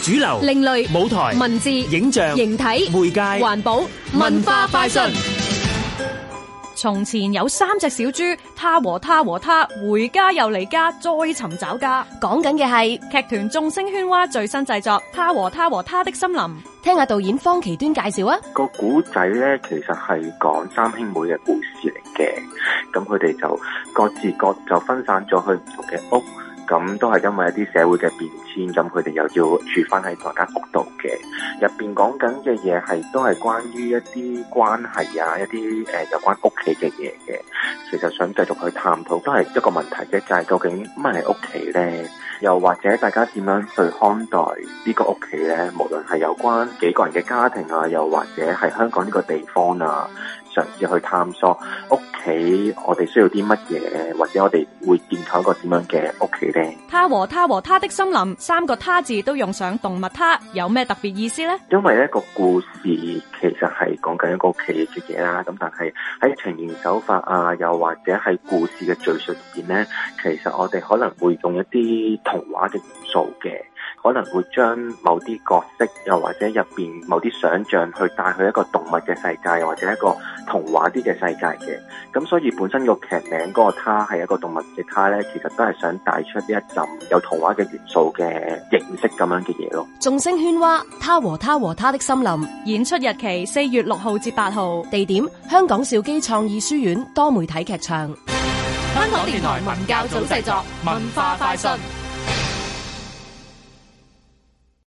主流、另類舞台、文字、影像、形體、媒介、環保、文化、快訊。從前有三隻小豬，他和他和他回家又離家，再尋找家。講緊嘅係劇團眾聲喧嘩最新製作《他和他和他的森林》。聽下導演方其端介紹啊。個古仔咧，其實係講三兄妹嘅故事嚟嘅。咁佢哋就各自各就分散咗去唔同嘅屋。咁都係因為一啲社會嘅變遷，咁佢哋又要住翻喺大家屋度嘅。入面講緊嘅嘢係都係關於一啲關係啊，一啲誒有關屋企嘅嘢嘅。其實想繼續去探討，都係一個問題啫，就係究竟乜係屋企呢？又或者大家點樣去看待呢個屋企呢？無論係有關幾個人嘅家庭啊，又或者係香港呢個地方啊。嘗試去探索屋企，我哋需要啲乜嘢，或者我哋會建構一個點樣嘅屋企咧？他和他和他的森林，三個他字都用上動物他，有咩特別意思咧？因為一個故事其實係講緊一個屋企嘅嘢啦，咁但係喺呈現手法啊，又或者喺故事嘅敘述入邊咧，其實我哋可能會用一啲童話嘅元素嘅。可能會將某啲角色，又或者入面某啲想像，去帶去一個動物嘅世界，又或者一個童話啲嘅世界嘅。咁所以本身個劇名嗰個他係一個動物嘅他呢，其實都係想帶出呢一陣有童話嘅元素嘅形式咁樣嘅嘢咯。眾聲喧譁，他和他和他的森林，演出日期四月六號至八號，地點香港兆基創意書院多媒體劇場。香港電台文教組製作文化快訊。